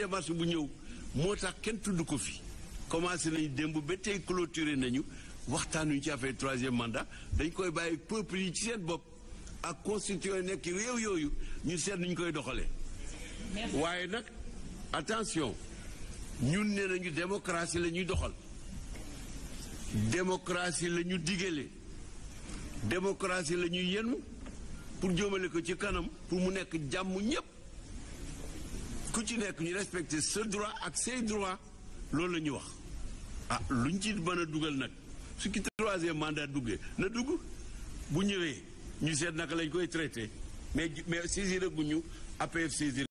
démarche bu ñëw moo tax kenn tudd ko fi commencé nañ démb ba tey clôturé nañu waxtaanuñ ci affaire troisième mandat dañ koy bàyyi peuple yi ci seen bopp ak constitution nekk réew yooyu ñu seet nuñ koy doxalee. waaye nag attention ñun nee nañu démocratie la ñuy doxal démocratie la ñu digale démocratie la ñuy yenu pour jëmale ko ci kanam pour mu nekk jàmm ñëpp. ku ci nekk ñu respecter ce droit ak ses droits loolu la ñuy wax ah luñ ci mën a dugal nag su ki troisième mandat duggee na dugg bu ñëwee ñu seet naka lañ koy traité mais mais saisir guñu APF saisir